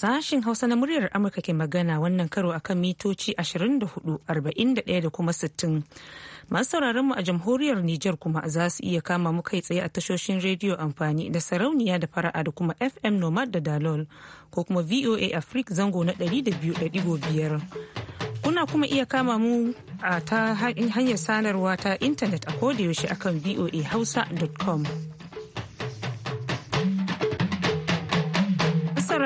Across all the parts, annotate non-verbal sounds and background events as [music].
sashen Hausa na muryar Amurka ke magana wannan karo akan mitoci hudu da kuma 60. Masu sauraron mu a jamhuriyar Nijar kuma za su iya kama mu kai tsaye a tashoshin rediyo amfani da sarauniya da fara'a da kuma FM Nomad da Dalol ko kuma VOA Africa zango na 200.5. Kuna kuma iya kama mu a ta hanyar sanarwa ta intanet a kodayaushe akan voahausa.com.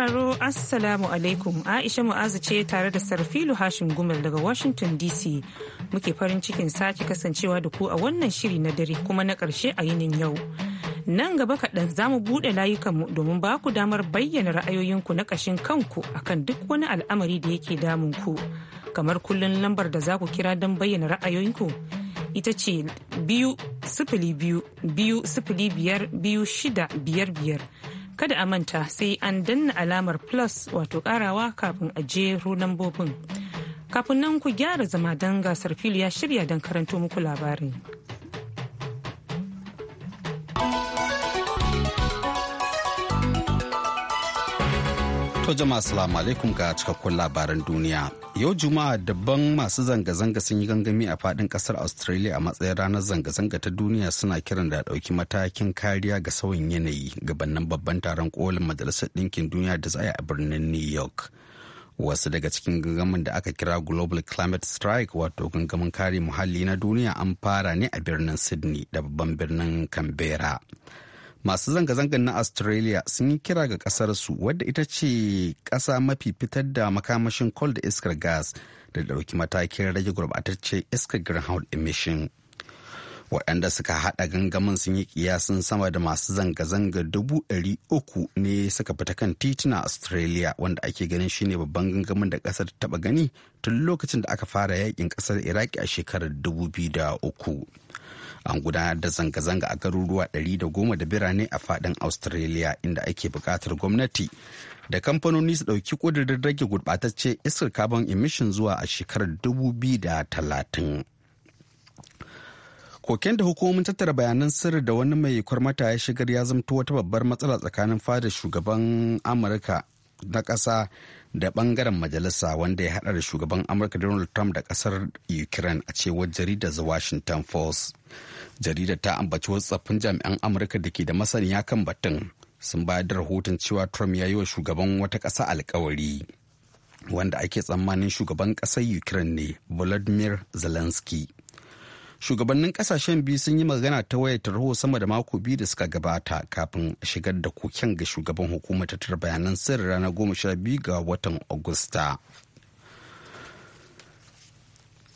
sauraro Assalamu alaikum Aisha Mu'azu ce tare da Sarfilu Hashim Gumel daga Washington DC muke farin cikin sake kasancewa da ku a wannan shiri na dare kuma na ƙarshe a yinin yau. Nan gaba kaɗan za mu buɗe layukanmu domin ba ku damar bayyana ra'ayoyinku na ƙashin kanku akan duk wani al'amari da yake damun ku. Kamar kullum lambar da za ku kira don bayyana ra'ayoyinku ita ce biyu sifili biyu biyu sifili biyar biyu shida biyar biyar. kada a manta sai an danna alamar plus wato karawa kafin a jero lambobin kafin nan ku gyara zama don gasar fili ya shirya don karanto muku labarin. To jama'a salamu alaikum ga cikakkun labaran duniya. Yau Juma'a dabban masu zanga-zanga sun yi gangami a fadin kasar Australia a matsayin ranar zanga-zanga ta duniya suna kiran da dauki matakin kariya ga sauyin yanayi gabanin babban taron kolin majalisar ɗinkin duniya da za a birnin New York. Wasu daga cikin gangamin da aka kira Global Climate Strike wato gangamin kare muhalli na duniya an fara ne a birnin Sydney da babban birnin Canberra. masu zanga-zangar na australia sun yi kira ga kasarsu wadda ita ce ƙasa mafi fitar da makamashin coal da iskar gas da ɗauki matakin rage gurɓatacce iskar greenhouse emission waɗanda suka haɗa gangamin sun yi kiyasin sama da masu zanga-zanga dubu ɗari uku ne suka fita kan titina australia wanda ake ganin shine babban gangamin da ƙasar ta taɓa gani tun lokacin da aka fara yakin ƙasar iraki a shekarar dubu biyu da uku. an gudanar da zanga-zanga a garuruwa 110 da birane a faɗin australia inda ake bukatar gwamnati da kamfanoni su ɗauki ƙudurin rage gurɓatacce iskar carbon emission zuwa a shekarar 2030 koken da hukumomin tattara bayanan sirri da wani mai kwarmata ya shigar ya zamto wata babbar matsala tsakanin fadar shugaban amurka na ƙasa da ɓangaren majalisa wanda ya haɗa da shugaban amurka donald trump da ƙasar ukraine a cewar jaridar the washington post jaridar ta ambaci wasu tsaffin jami'an amurka da ke da masaniya kan batun sun bayar da rahoton cewa trump ya yi wa shugaban wata ƙasa alkawari wanda ake tsammanin shugaban ƙasar ukraine ne volodymyr zelensky shugabannin kasashen biyu sun yi magana ta wayar tarho sama da mako biyu da suka gabata kafin a shigar da koken ga shugaban hukumar tattara bayanan sirri ranar goma sha biyu ga watan agusta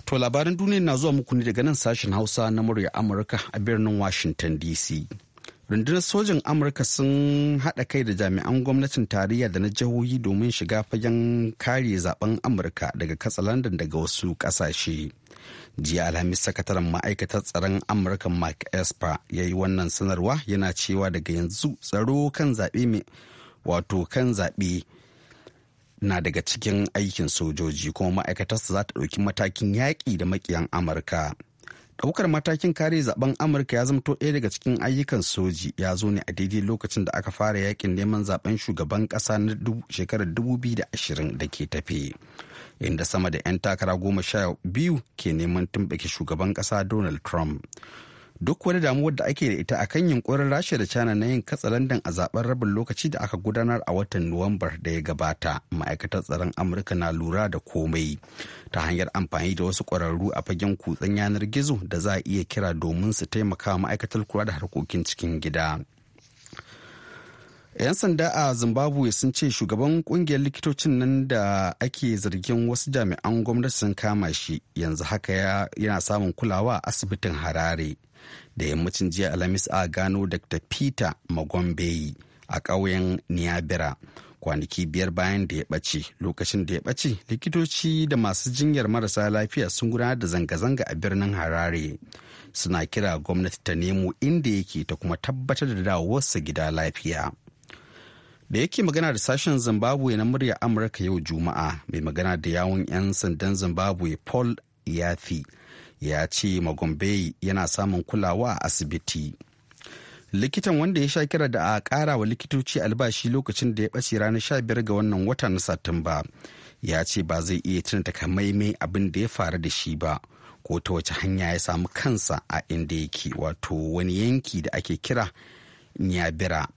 to labaran duniya na zuwa muku ne daga nan sashen hausa na murya amurka a birnin washington dc rundunar sojin amurka sun haɗa kai da jami'an gwamnatin tarayya da na jihohi domin shiga fagen kare zaben amurka daga katsalandan daga wasu ƙasashe jiya alhamis sakataren ma'aikatar tsaron amurka mark esper ya yi wannan sanarwa yana cewa daga yanzu tsaro kan zaɓe mai wato kan zaɓe na daga cikin aikin sojoji kuma ma'aikatarsa za ta ɗauki matakin yaƙi da maƙiyan amurka daukar matakin kare zaben amurka ya zamto ɗaya daga cikin ayyukan soji ya zo ne a daidai lokacin da aka fara yakin neman zaben shugaban ƙasa na shekarar 2020 da ke tafe inda sama da 'yan takara goma sha biyu ke neman tumɓuke shugaban ƙasa donald trump duk wani damuwar da ake da ita akan yunkurin rasha da china na yin katsalandan a zaben rabin lokaci da aka gudanar a watan nuwambar da ya gabata ma'aikatar tsaron amurka na lura da komai ta hanyar amfani da wasu ƙwararru a fagen kutsen yanar gizo da za a iya kira domin su taimaka ma'aikatar kula da harkokin cikin gida 'yan sanda a zimbabwe sun ce shugaban kungiyar likitocin nan da ake zargin wasu jami'an gwamnati sun kama shi yanzu haka yana samun kulawa a asibitin harare da yammacin jiya alhamis a gano dr peter magombeyi a ƙauyen niyabira kwanaki biyar bayan da ya ɓace lokacin da ya ɓace likitoci da masu jinyar marasa lafiya sun gudanar da zanga-zanga a birnin harare suna kira gwamnati ta nemo inda yake ta kuma tabbatar da dawowarsa gida lafiya. da yake magana da sashen zimbabwe na murya amurka yau juma'a mai magana da yawon 'yan sandan zimbabwe paul yafi ya ce magombe yana samun kulawa a asibiti likitan wanda ya sha kira da a kara wa likitoci albashi lokacin da ya ɓace ranar 15 ga wannan wata na satumba ya ce ba zai iya tuna takamaimai abin da ya faru da shi ba ko ta wace hanya ya samu kansa a inda yake wato wani yanki da ake kira nyabira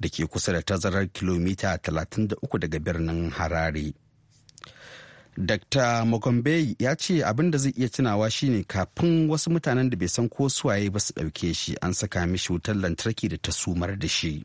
da ke kusa da tazarar kilomita 33 daga birnin harare dr mokombe ya ce abin da zai iya tunawa shine kafin wasu mutanen da bai san ko suwaye ba su ɗauke shi an saka mishi wutar lantarki da ta sumar da shi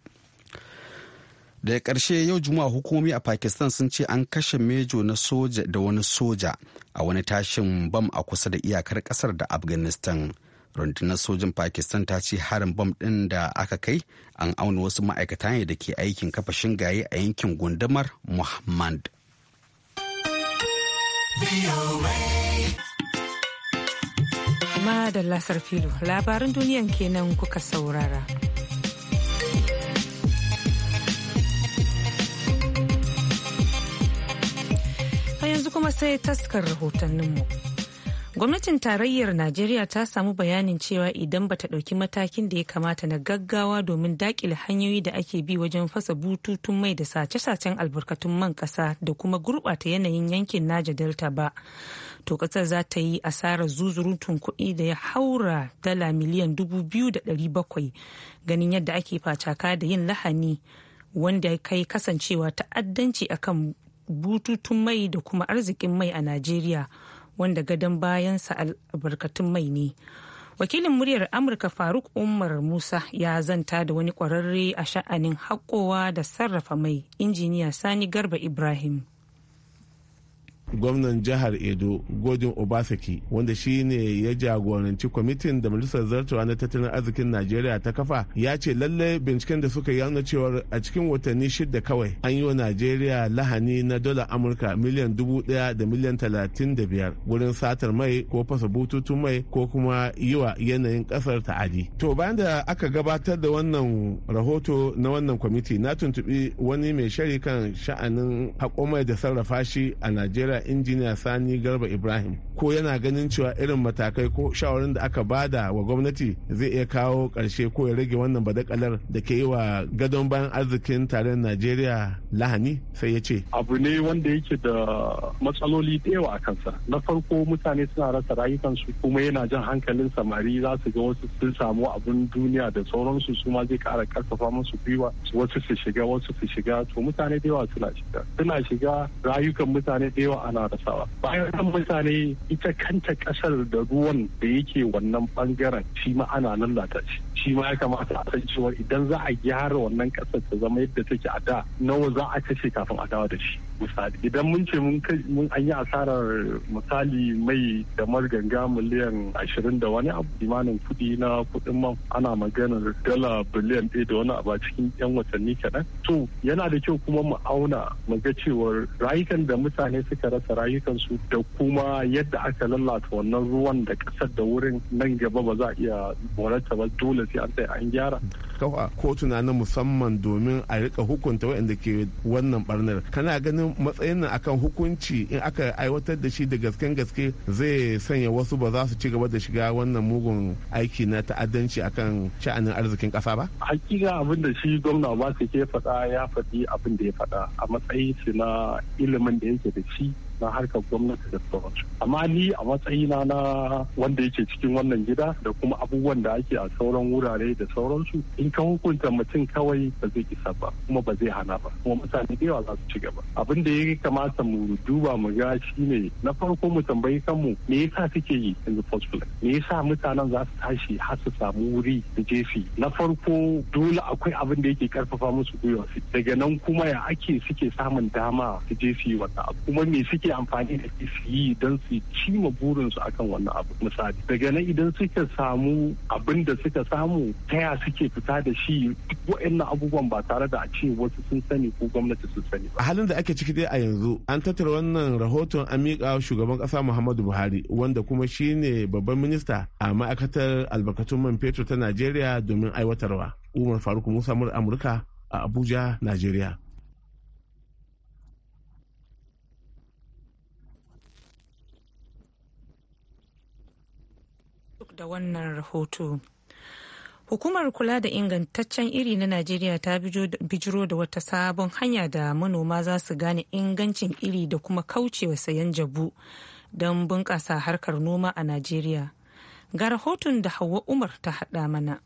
daga ƙarshe yau juma'a hukumomi a pakistan sun ce an kashe mejo na soja da wani soja a wani tashin bam a kusa da iyakar ƙasar da afghanistan rundunar sojin pakistan ta ce harin bom ɗin da aka kai an auna wasu ma'aikata ne da ke aikin kafa shingaye a yankin gundumar muhammad madalla sarfilu labarin duniyan kenan kuka saurara a yanzu kuma sai taskar rahotanninmu Gwamnatin tarayyar Najeriya ta samu bayanin cewa idan bata ɗauki matakin da ya kamata na gaggawa domin dakile hanyoyi da ake bi wajen fasa bututun mai da sace-sacen albarkatun man ƙasa da kuma gurɓata yanayin yankin Naja Delta ba. To ƙasar za ta yi asarar zuzurutun kuɗi da ya haura dala miliyan dubu biyu da ɗari bakwai ganin yadda ake facaka da yin lahani wanda ya kai kasancewa ta'addanci akan bututun mai da kuma arzikin mai a Najeriya. wanda gadon bayansa albarkatun mai ne wakilin muryar amurka faruk umar musa ya zanta da wani kwararre a sha'anin haƙowa da sarrafa mai injiniya sani garba ibrahim gwamnan jihar edo godin obasaki wanda shine ya jagoranci kwamitin da majalisar zartawa na tattalin arzikin najeriya ta kafa ya ce lallai binciken da suka yi cewar a cikin watanni shida kawai an yi wa najeriya lahani na dola amurka miliyan dubu daya da miliyan talatin da biyar wurin satar mai ko fasa bututun mai ko kuma yi wa yanayin kasar ta'adi to bayan da aka gabatar da wannan rahoto na wannan kwamiti na tuntubi wani mai shari kan sha'anin haƙo mai da sarrafa shi a najeriya injiniya sani garba ibrahim ko yana ganin cewa irin matakai ko shawarin da aka bada wa gwamnati zai iya kawo karshe ko ya rage wannan badakalar da ke yi wa gadon bayan arzikin tarayyar najeriya lahani sai ya ce abu ne wanda yake da matsaloli da yawa a kansa na farko mutane suna rasa rayukansu kuma yana jan hankalin samari za su ga wasu sun samu abun duniya da sauransu su ma zai kara karfafa musu gwiwa wasu su shiga wasu su shiga to mutane da yawa suna shiga suna shiga rayukan mutane da yawa ana rasawa bayan kan mutane ita kanta ƙasar da ruwan da yake wannan ɓangaren shi ma ana lallata shi shi ma ya kamata a san cewa idan za a gyara wannan kasar ta zama yadda take a da nawa za a kashe kafin a dawo da shi misali idan mun ce mun an yi asarar misali mai da marganga miliyan ashirin da wani abu imanin kuɗi na kuɗin man ana maganar dala biliyan ɗaya da wani abu a cikin yan watanni kaɗan to yana da kyau kuma mu auna mu ga cewar rayukan da mutane suka rasa rayukansu da kuma yadda aka lalata wannan ruwan da ƙasar da wurin nan gaba ba za a iya morarta ba dole gaskiya an tsaye gyara. kafa kotuna na musamman domin a rika hukunta waɗanda ke wannan barnar kana ganin matsayin nan akan hukunci in aka aiwatar da shi da gasken gaske zai sanya wasu ba za su ci gaba da shiga wannan mugun aiki na ta'addanci akan sha'anin arzikin ƙasa ba hakika abin da shi gwamna ba su ke faɗa ya faɗi abin da ya faɗa a matsayin shi na ilimin da yake da shi na harkar gwamnati da sauransu amma ni a matsayina na wanda yake cikin wannan gida da kuma abubuwan da ake a sauran wurare da sauransu in ka hukunta mutum kawai ba zai isa ba kuma ba zai hana ba kuma mutane da yawa za su ci gaba abin da ya kamata mu duba mu ga shine na farko mu tambayi kanmu me yasa suke yi in the first place me yasa mutanen za su tashi har su samu wuri da jefi na farko dole akwai abin da yake karfafa musu gwiwa daga nan kuma ya ake suke samun dama su jefi wata. abu kuma me suke suke amfani da su yi don su cima burinsu akan wannan abu misali daga nan idan suka samu abin da suka samu ya suke fita da shi duk waɗannan abubuwan ba tare da a ce wasu sun sani ko gwamnati sun sani ba. halin da ake ciki dai a yanzu an tattara wannan rahoton an miƙa shugaban ƙasa muhammadu buhari wanda kuma shine babban minista a ma'aikatar albarkatun man fetur ta najeriya domin aiwatarwa umar faruk musa amurka a abuja najeriya da wannan rahoto. Hukumar kula da ingantaccen iri na Najeriya ta bijiro da wata sabon hanya da manoma za su gane ingancin iri da kuma kaucewa sayan jabu don bunƙasa harkar noma a Najeriya. Ga rahoton da Hauwa Umar ta haɗa mana.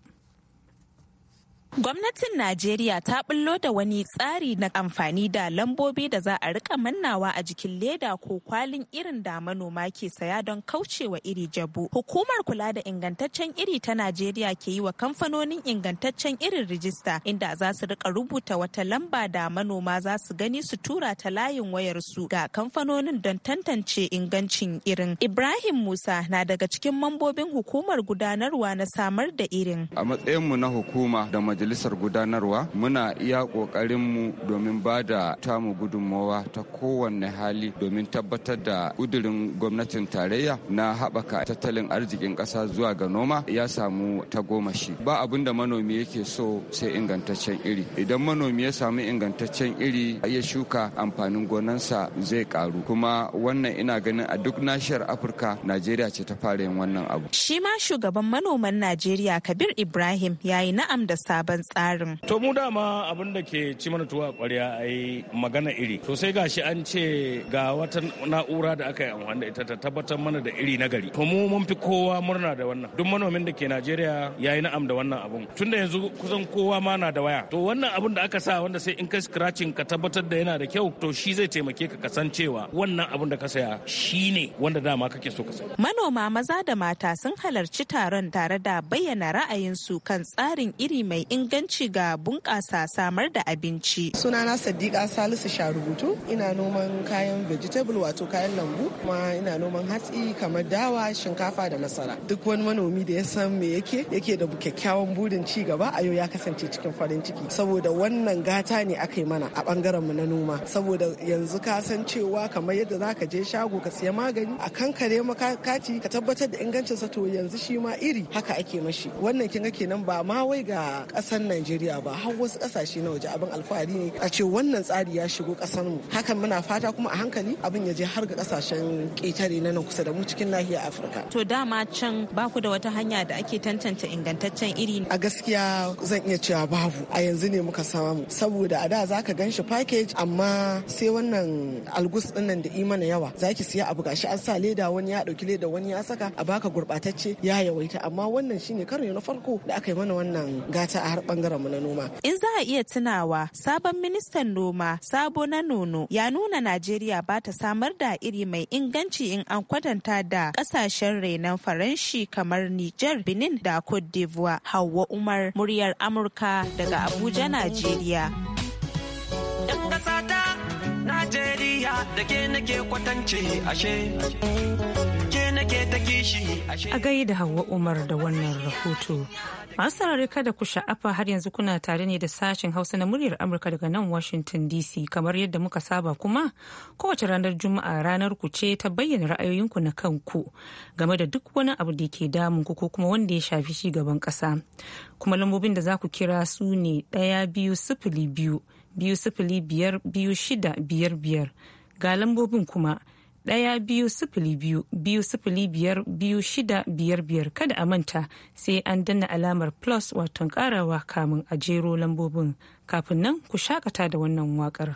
Gwamnatin Najeriya ta bullo da wani tsari na amfani da lambobi da za a rika mannawa a jikin leda ko kwalin irin da manoma ke saya don kaucewa iri jabu. Hukumar kula da ingantaccen iri ta Najeriya ke yi wa kamfanonin ingantaccen irin rijista inda za su rika rubuta wata lamba da manoma za su gani su tura ta layin wayarsu ga kamfanonin don tantance ingancin irin. Ibrahim Musa na daga cikin mambobin hukumar gudanarwa na samar da irin. A matsayinmu na hukuma majalisar gudanarwa muna iya ƙoƙarinmu domin ba da tamu gudunmawa ta kowanne hali domin tabbatar da ƙudurin gwamnatin tarayya na haɓaka tattalin arzikin ƙasa zuwa ga noma ya samu tagomashi ba abin da manomi yake so sai ingantaccen iri idan manomi ya samu ingantaccen iri ya shuka amfanin gonansa zai karu kuma wannan ina ganin a duk nashiyar afirka najeriya ce ta fara yin wannan abu shi ma shugaban manoman najeriya kabir ibrahim ya yi na'am da sabon sabon tsarin. To mu dama abin da ke ci mana tuwa kwarya yi magana iri. To sai gashi an ce ga wata na'ura da aka yi amfani da ita ta tabbatar mana da iri na gari. To mu mun fi kowa murna da wannan. Duk manomin da ke Najeriya ya yi na'am da wannan abun. Tunda yanzu kusan kowa ma na da waya. To wannan abun da aka sa wanda sai in ka scratching ka tabbatar da yana da kyau to shi zai taimake ka kasancewa wannan abun da ka saya shi ne wanda dama kake so ka saya. Manoma maza da mata sun halarci taron tare da bayyana ra'ayinsu kan tsarin iri mai inganci inganci ga bunƙasa samar da abinci. Sunana Sadiqa Salisu Sharubutu ina noman kayan vegetable wato kayan lambu kuma ina noman hatsi kamar dawa, shinkafa da masara. Duk wani manomi da ya san me yake yake da kyakkyawan burin ci gaba a yau ya kasance cikin farin ciki saboda wannan gata ne aka yi mana a bangaren mu na noma saboda yanzu ka san cewa kamar yadda ka je shago ka siya magani a kankare maka kati ka tabbatar da ingancinsa to yanzu shi ma iri haka ake mashi wannan kin kenan ba ma wai ga ƙasa kasar Najeriya ba har wasu kasashe na waje abin alfahari ne a ce wannan tsari ya shigo kasar mu hakan muna fata kuma a hankali abin ya je har ga kasashen ƙetare na nan kusa da mu cikin nahiyar Afirka. To dama can ba ku da wata hanya da ake tantance ingantaccen iri. A gaskiya zan iya cewa babu a yanzu ne muka samu saboda a da zaka gan shi package amma sai wannan algus din nan da imana yawa zaki siya abu gashi an sa leda wani ya dauki leda wani ya saka a baka gurbatacce ya yawaita amma wannan shine karo na farko da aka yi mana wannan gata a har bangaren mu na noma. In za a iya tunawa sabon ministan noma sabo na nono ya nuna Najeriya ba ta samar da iri mai inganci in an kwatanta da kasashen renon faranshi kamar Nijar, Benin da Cote d'Ivoire. Hauwa Umar muryar Amurka daga Abuja, Najeriya. Najeriya da ke nake kwatance ashe. A da Hauwa Umar da wannan rahoto. Masu sarari kada ku sha'afa har yanzu kuna tare ne da sashen Hausa na muryar Amurka daga nan Washington DC kamar yadda muka saba kuma kowace ranar Juma'a ranar ku ce ta bayyana ra'ayoyinku na kanku game da duk wani abu da ke damun ku ko kuma wanda ya shafi shi gaban ƙasa. Kuma lambobin da za ku kira su ne ɗaya biyu sifili biyu biyu sifili biyar biyu shida biyar biyar ga lambobin kuma ɗaya biyu sifili biyu biyu sifili biyar biyu shida biyar biyar kada a manta sai an danna alamar plus waton karawa kamun a jero lambobin kafin nan ku shakata da wannan waƙar.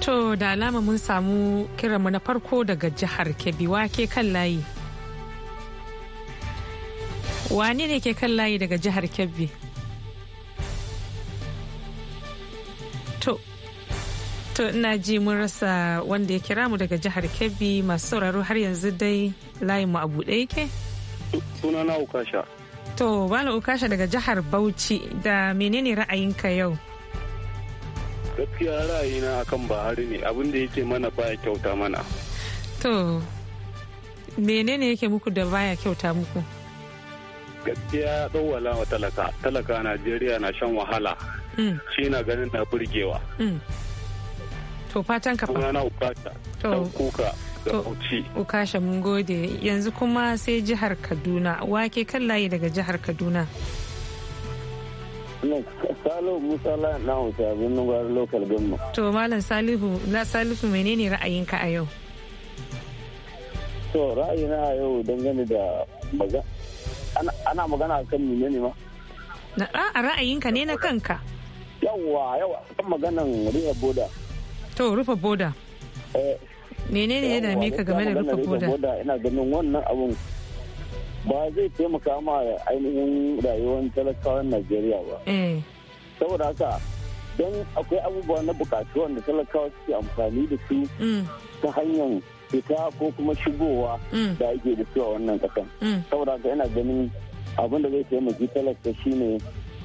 To da alama mun samu kiranmu na farko daga jihar Kebbi wake kan layi. Wani ne ke kan layi daga jihar Kebbi? To, to ina ji mun rasa wanda ya kira mu daga jihar Kebbi masu sauraro har yanzu dai layinmu a buɗe yake? Sunana Ukasha. To, Bala Ukasha daga jihar Bauchi da menene ra'ayinka yau? gaskiya ra'ayina akan bahari ne abin da yake mana baya kyauta mana to menene yake muku da baya kyauta muku gaskiya ɗauwala wa talaka talaka a najeriya na shan wahala mm. shi na ganin na burgewa mm. to fatan ka fa na ukasha to kuka da bauchi ukasha mun gode yanzu kuma sai jihar kaduna wake kan layi daga jihar kaduna Salo Musa na wuta birnin gwari local gamma. To Malam Salihu, na Salihu menene ra'ayinka a yau? To ra'ayina a yau dangane da magana. ana magana a kan menene ma? Na ra'ayinka ne na kanka. Yawa yawa kan maganan rufe boda. To rufe boda. Eh. Menene ya dame ka game da rufe boda? Ina ganin wannan abun ba zai taimaka ma ainihin rayuwar talakawan najeriya ba eh. saboda haka don akwai abubuwa na bukatu wanda talakawa suke amfani da su mm. ta hanyar fita ko kuma shigowa mm. da ake da a wannan kasan mm. saboda haka yana ganin abin da zai taimaki talaka ne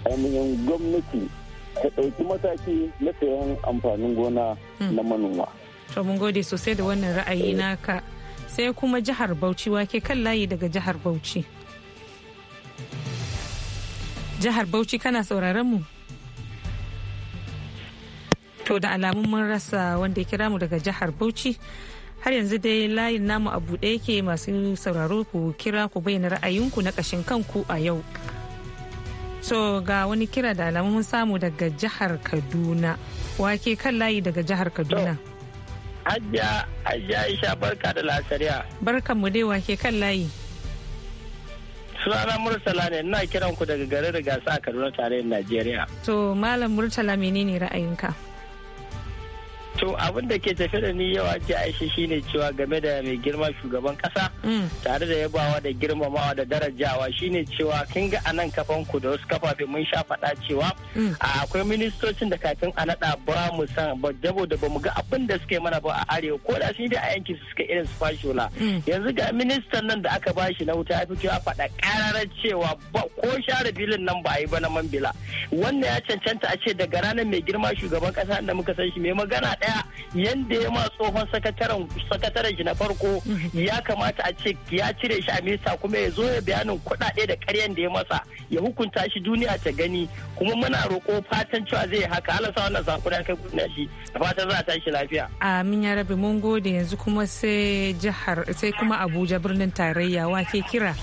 ainihin gwamnati ta ɗauki mataki na sayan amfanin gona na manoma. to mun gode sosai da wannan ra'ayi eh. naka sai kuma jihar bauchi wake kan layi daga jihar bauchi jihar bauchi kana sauraron mu to da alamun mun rasa wanda ya kira mu daga jihar bauchi har yanzu dai layin namu a buɗe yake masu sauraro ku kira ku bayyana ra'ayinku na kashin kanku a yau so ga wani kira da alamun samu daga jihar kaduna wake kan layi daga jihar kaduna so. Hajiya Aisha barka da lasariya. Barkan mu dai wake kan layi. Sunana Murtala ne ina kiran ku daga garin Rigasa a Kaduna tarayyar Najeriya. To Malam Murtala menene ra'ayinka? to abin da ke tafe da ni yawa ce aisha shine cewa game da mai girma shugaban kasa mm. tare da yabawa da girmamawa da darajawa shine cewa kin ga anan kafan ku da wasu kafafe mun sha faɗa cewa mm. akwai ministocin da kafin a naɗa ba mu san ba jabo da mu ga abin da suke mana ba a arewa ko da shi da a yankin suka irin su fashola mm. yanzu ga ministan nan da aka bashi na wuta ya fito a faɗa ƙararar cewa ba ko share bilin nan ba a yi ba na mambila wannan ya cancanta a ce daga ranar mai girma shugaban kasa da muka san shi mai magana daya yanda ya ma tsohon sakataren shi na farko ya kamata a ce ya cire shi a minista kuma ya zo ya bayanin kuɗaɗe da karyan da ya masa ya hukunta shi duniya ta gani kuma muna roƙo fatan cewa zai haka halasa wannan sako da kai kuna shi da fatan za a tashi lafiya. Amin ya rabe mun gode yanzu kuma sai jihar sai kuma Abuja birnin tarayya wake kira.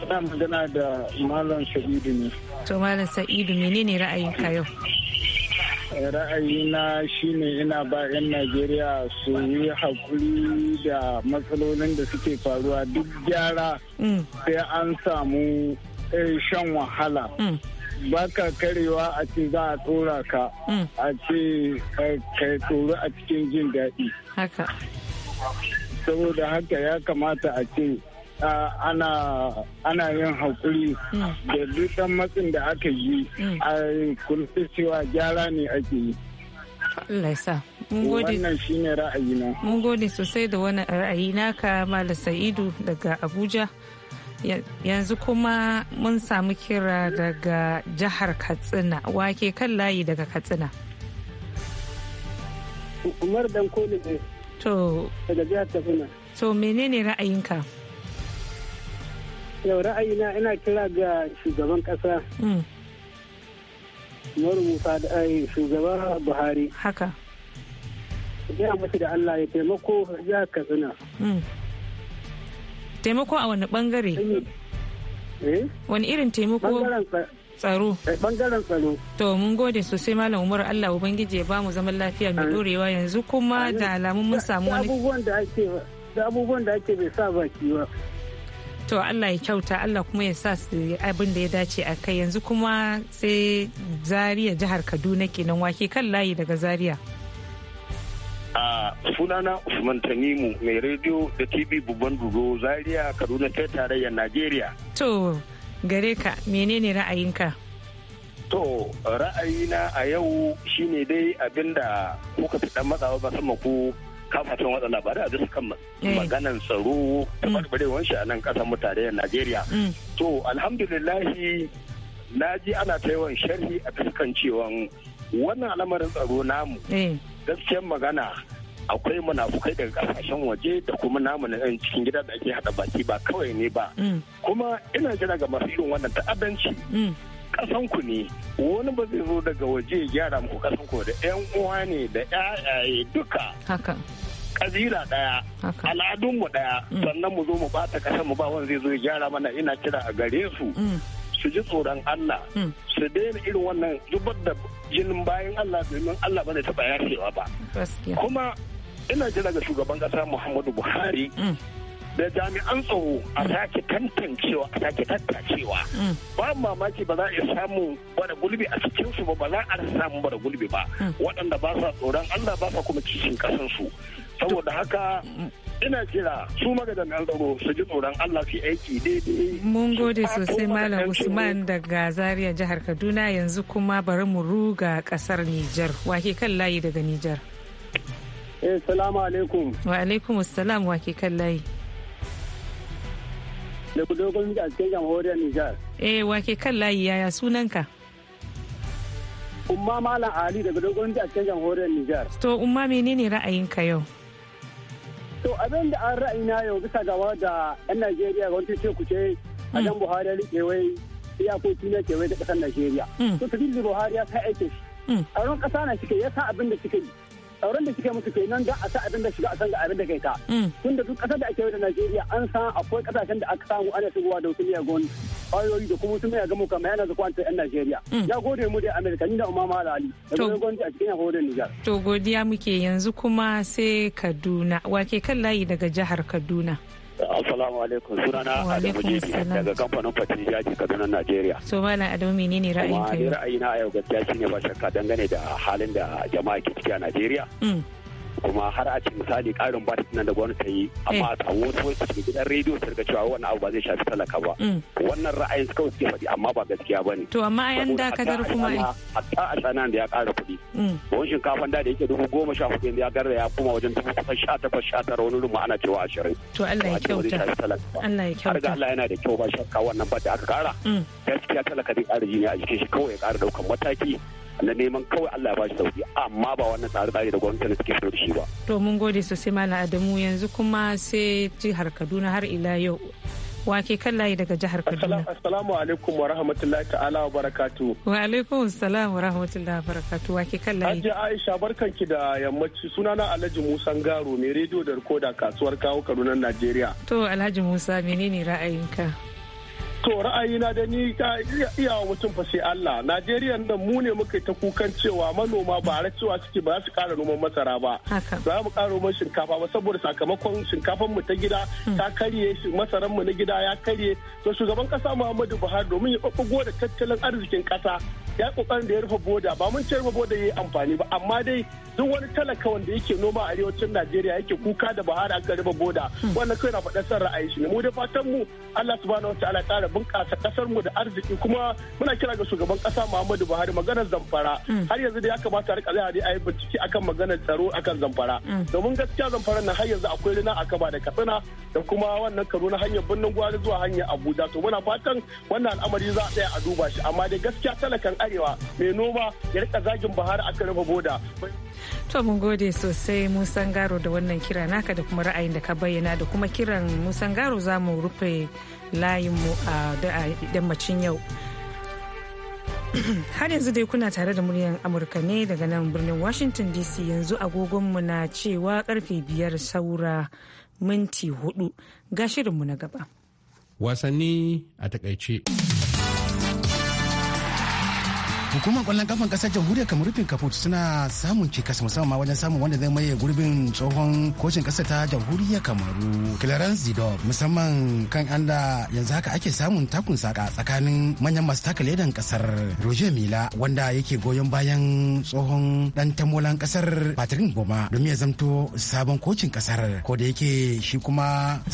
Suna magana da Malam Sa'idu ne. To Malam Sa'idu menene ra'ayinka yau? ra'ayina shine ina ba 'yan najeriya su yi hakuri da matsalolin da suke faruwa duk gyara mm. sai an samu eh, shan wahala mm. baka karewa a ce za a tsora ka mm. a ce eh, ka tsoro a cikin jin daɗi saboda haka ya kamata a ce ana ana yin haƙuri mm. da dukkan matsin da aka yi mm. a kulfi cewa gyara ne ake yi. Allah sa. Mun gode. ne. Mun gode sosai da wani ra'ayi naka Malam Sa'idu daga Abuja. Yanzu kuma mun samu kira daga jihar Katsina, wake kan layi daga Katsina. Umar Dankoli ne. To. Daga jihar Katsina. To menene ra'ayinka? yau ra'ayina ina kira ga shugaban kasa hmm. Umaru Musa da eh, shugaba Buhari. Haka. Ya mutu da Allah ya taimako ya Katsina. Hmm. Taimako a wani bangare? Eh? Wani irin taimako? tsaro. Bangaren eh, tsaro. To mun gode sosai Malam Umar Allah Ubangiji ya bamu zaman lafiya mai dorewa yanzu kuma da alamun mun samu wani. Da abubuwan da ake bai sa baki ba. to Allah ya kyauta Allah kuma ya sa su abin da ya dace a kai yanzu kuma sai Zariya jihar Kaduna kenan wake kan layi daga Zariya. a sunana Usman Tanimu mai rediyo da TV babban Dugo Zaria Kaduna ta tarayyar Najeriya to gare ka menene ra'ayinka to ra'ayina a yau shine dai abinda kuka fi dan matsawa ba sama ku kama tun watsa labarai a bisa kan eh. maganan tsaro da mm. barbarewar shi a nan ƙasar mutane Najeriya. Mm. To alhamdulillahi na ji ana ta yawan sharhi a bisa cewan cewa wannan al'amarin tsaro namu eh. gaskiyar magana akwai munafukai daga kasashen waje da kuma namu na yan cikin gida da ake hada baki ba kawai ne ba mm. kuma ina jira ga masu irin wannan ta'addanci ku ne wani ba zai zo daga waje ya gyara muku ku da 'yan uwa ne da 'ya'yaye duka haka kabila daya al'adunmu daya mm. sannan mu zo mu bata kasan mu ba wani zai zo ya gyara mana ina kira a gare su mm. su ji tsoron Allah mm. su daina irin wannan zubar da jinin bayan Allah domin Allah ba zai taɓa yafewa ba kuma ina jira ga shugaban kasa Muhammadu Buhari da jami'an tsaro a sake tantancewa a sake tattacewa mm. ba mamaki ba za a samu bada gulbi a cikin su ba ba za a samu bada gulbi ba mm. waɗanda ba sa tsoron Allah ba sa kuma cikin kasan su saboda haka mm. ina kira su magadan tsaro su ji tsoron Allah su aiki daidai mun gode sosai malam Usman daga Zaria jihar Kaduna yanzu kuma bari mu ruga kasar Niger wake kan layi daga Nijar Eh, salamu alaikum. Wa alaikum salam wa ke kan layi. da dogon a cikin jamhuriyar Nijar. Eh wake kan layi yaya sunanka? Umma Malam Ali daga dogon a cikin jamhuriyar Nijar. To umma menene ra'ayinka yau? To abin da an ra'ayina yau bisa gaba da 'yan Najeriya wani ce ku ce a dan mm. Buhari ya rike wai iyakoki na kewaye da ƙasar Najeriya. Mm. To Buhari ya kai aikin shi. Mm. A ran ƙasa na suke ya sa abin da suke yi. tsaron da suke musu kenan da a sa abin da shiga a san abin da kai ta mm. tun da duk kasar da ake yi da Najeriya an san akwai kasashen da aka samu ana shigowa da wasu miyagun kwayoyi da kuma wasu miyagun mai yana da kwanta yan Najeriya ya mm. gode mu da Amerika ni da Umar Ali da kuma gwamnati a cikin yahudu Nijar to godiya muke yanzu kuma sai Kaduna wake kan layi daga jihar Kaduna Assalamu alaikum sunana Adamu Jibi daga kamfanin Fatin Jaji Kaduna Najeriya. So malam Adamu menene ra'ayinka? Kuma ra'ayina a yau gaskiya shine ba shakka dangane da halin da jama'a ke ciki a Najeriya. Mm. kuma har a ce misali karin ba tunan da gwamnati ta yi amma a samu wasu wasu cikin gidan rediyo ta riga cewa wannan abu ba zai shafi talaka ba mm. wannan ra'ayin su kawai faɗi amma ba gaskiya ba ne. to amma a yan dakatar kuma ne. hatta a shanan da ya ƙara kuɗi. wani mm. shinkafa da yake dubu goma sha hudu ya garra ya kuma wajen dubu kusan sha takwas sha tara wani rumu ana cewa ashirin. to Allah ya kyauta Allah ya kyauta. har ga Allah yana da kyau ba shakka wannan ba da aka kara mm. gaskiya talaka zai kara jini a jikin shi kawai ya ƙara daukan mataki. na neman kawai Allah ya bashi sauki amma ba wannan tsare-tsare da gwamnati suke da shi ba. To mun gode sosai Malam Adamu yanzu kuma sai jihar Kaduna har ila yau wake kan layi daga jihar Kaduna. Assalamu alaikum wa rahmatullahi ta'ala wa barakatu. Wa alaikum assalam wa rahmatullahi wa barakatu wake kan layi. Hajji Aisha barkanki da yammaci sunana Alhaji Musa Garo mai rediyo da rikoda kasuwar kawo Kaduna Najeriya. To Alhaji Musa menene ra'ayinka? to ra'ayina da ni ka iya mutum fa sai Allah Najeriya nan mu ne muka ta kukan cewa manoma ba ra cewa suke ba su kara noman masara ba za mu kara noman shinkafa ba saboda sakamakon shinkafan mu ta gida hmm. ta karye masaran mu na gida ya karye to shugaban kasa Muhammadu Buhari domin ya kokko da tattalin arzikin kasa ya kokarin da ya rufe boda ba mun ce rufe boda yayi amfani ba amma dai duk wani talaka wanda yake noma a arewacin Najeriya yake kuka da Buhari aka rufe boda hmm. wannan kai na faɗa san ra'ayi shi ne mu da fatan mu Allah subhanahu wataala ya bunƙasa kasar mu da arziki kuma muna kira ga shugaban kasa Muhammadu Buhari maganar zamfara mm. har yanzu da ya kamata rika zai a yi bincike akan maganar tsaro akan zamfara mm. domin gaskiya zamfara na har yanzu akwai rina a kaba da katsina da kuma wannan karo na hanyar birnin gwari zuwa hanyar Abuja to muna fatan wannan al'amari za a tsaya a duba shi amma dai gaskiya talakan arewa mai noma ya rika zagin Buhari akan rufe boda To mun gode sosai Musan Garo da wannan kira naka da kuma ra'ayin da ka bayyana da kuma kiran Musan Garo za mu rufe layinmu a yammacin yau. [clears throat] Har yanzu dai kuna tare da muryar Amurka ne daga nan birnin Washington DC yanzu agogonmu na cewa karfe biyar saura minti hudu ga shirinmu na gaba. Wasanni a takaice. hukumar kwallon kafan kasar jamhuriyar kamarufin kafut suna samun cikas musamman ma wajen samun wanda zai maye gurbin tsohon kocin kasar ta jamhuriyar kamaru clarence zidor musamman kan an da yanzu haka ake samun takun saka tsakanin manyan masu taka ledan kasar roger mila wanda yake goyon bayan tsohon dan tamolan kasar patrick goma domin ya zamto sabon kocin kasar ko da yake shi kuma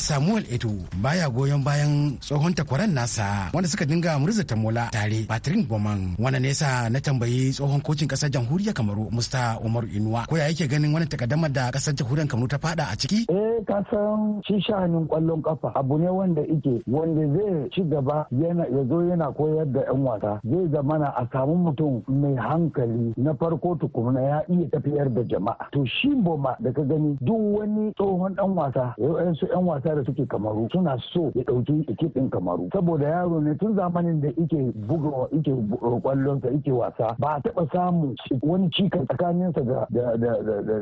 samuel eto baya goyon bayan tsohon takwaran nasa wanda suka dinga murza tamola tare patrick goman wanda ne yasa da na tambayi tsohon kocin kasar jamhuriyar kamaru musta umar inuwa ko ya yake ganin wani takaddamar da kasar jamhuriyar kamaru ta fada a ciki eh ka san shi shahanin kwallon kafa abu ne wanda ike wanda zai ci gaba yana ya zo yana koyar da yan wasa zai zamana a samu mutum mai hankali na farko tukuna ya iya tafiyar da jama'a to shi boma da ka gani duk wani tsohon dan wasa yayansu yan wasa da suke kamaru suna so ya dauki ekip kamaru saboda yaro ne tun zamanin da ike buga ike kwallon sa yake wasa ba a taɓa samun wani cikas tsakaninsa da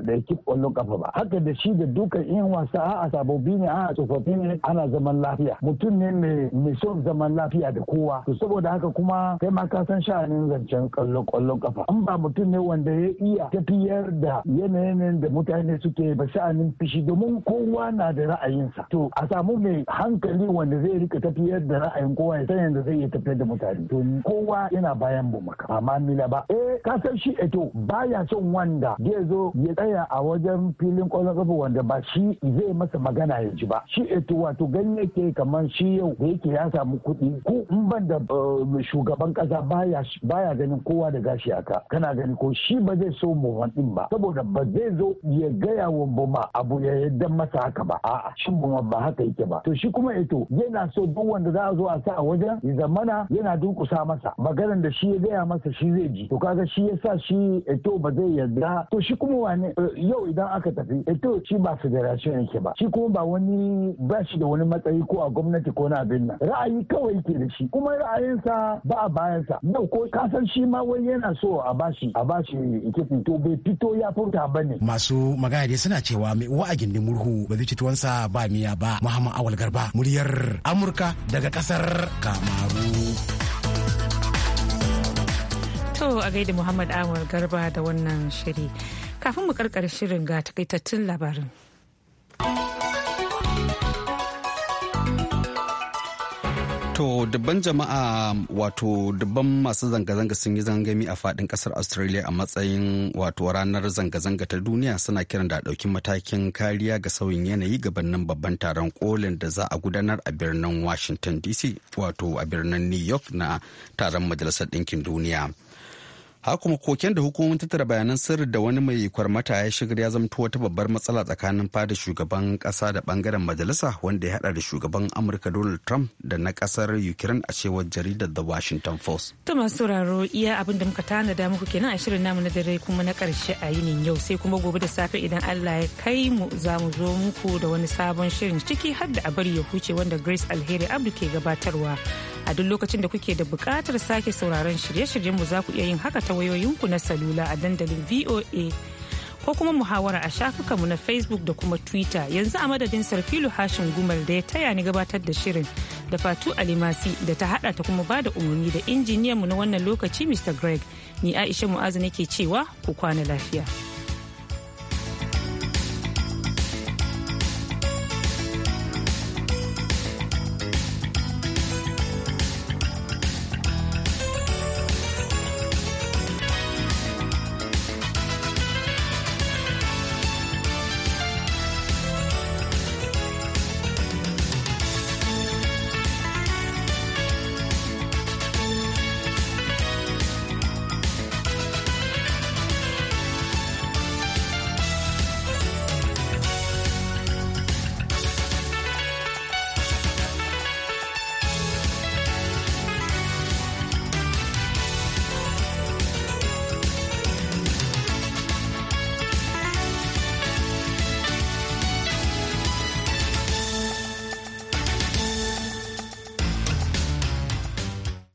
da ekip ƙwallon kafa ba haka da shi da dukan yan wasa a a sababbi ne a tsofaffi ne ana zaman lafiya mutum ne mai son zaman lafiya da kowa to saboda haka kuma kai ma ka san sha'anin zancen ƙwallon ƙwallon kafa an ba mutum ne wanda ya iya tafiyar da yanayin da mutane suke ba sha'anin fishi domin kowa na da ra'ayinsa to a samu mai hankali wanda zai rika tafiyar da ra'ayin kowa ya san yadda zai iya tafiyar da mutane to kowa yana bayan bumaka amma mila ba eh ka san shi eto eh, baya son wanda zai zo ya tsaya a wajen filin kwallon kafa wanda ba shi zai masa magana ya ba shi eto eh, wato ganye ke kamar shi yau da yake ya samu kuɗi ko in ban da eh, shugaban kasa baya baya ganin kowa da gashi aka kana gani ko shi ba zai so mu din ba saboda ba zai zo ya gaya wa buma abu ya yadda masa haka ba a'a shi buma ba haka yake ba to shi kuma eto yana so duk wanda za a zo a sa a wajen ya zamana yana dunkusa masa maganar da shi ya gaya masa masa shi zai ji to kaga shi yasa shi eto ba zai yarda to shi kuma wane eh, yau idan aka tafi eto shi ba federation yake ba shi kuma ba wani ba shi da wani matsayi ko a gwamnati ko na abin nan ra'ayi kawai ke da shi kuma ra'ayinsa ba a bayansa yau ko kasan shi ma wai yana so a bashi a bashi ikifin to bai fito ya furta ba ne masu magana dai suna cewa mai uwa a gindin murhu ba zai ci tuwansa ba miya ba muhammad awal garba muryar amurka daga kasar kamaru To a gaida Muhammad Amur Garba da wannan shiri. Kafin mu karkar shirin ga takaitattun labarin. To dubban jama'a wato dubban masu zanga-zanga sun yi zangami a fadin kasar Australia a matsayin wato ranar zanga-zanga ta duniya suna kiran da ɗauki matakin kariya ga sauyin yanayi gabanin babban taron kolin da za a gudanar a birnin Washington DC wato a birnin New York na taron Majalisar Ɗinkin Duniya. haka kuma koken da hukumomin tattara bayanan sirri da wani mai kwarmata ya shigar ya zamto wata babbar matsala tsakanin fada shugaban kasa da bangaren majalisa wanda ya hada da shugaban amurka donald trump da na kasar ukraine a cewar jaridar the washington post ta masu sauraro iya abin da muka tanada muku kenan a shirin namu na dare kuma na karshe a yinin yau sai kuma gobe da safe idan allah ya kai mu za mu zo muku da wani sabon shirin ciki har da a bari ya huce wanda grace alheri abdu ke gabatarwa A duk lokacin da kuke da buƙatar sake sauraron shirye-shiryenmu za ku iya yin haka ta wayoyinku na salula a dandalin VOA ko kuma muhawara a shafukanmu na Facebook da kuma Twitter yanzu a madadin Sarfilu Hashin gumar da ya taya ni gabatar da shirin da Fatu Alimasi da ta hada ta kuma bada umarni da mu na wannan lokaci Mr. Greg ni Aisha Mu'azu nake cewa ku kwana lafiya.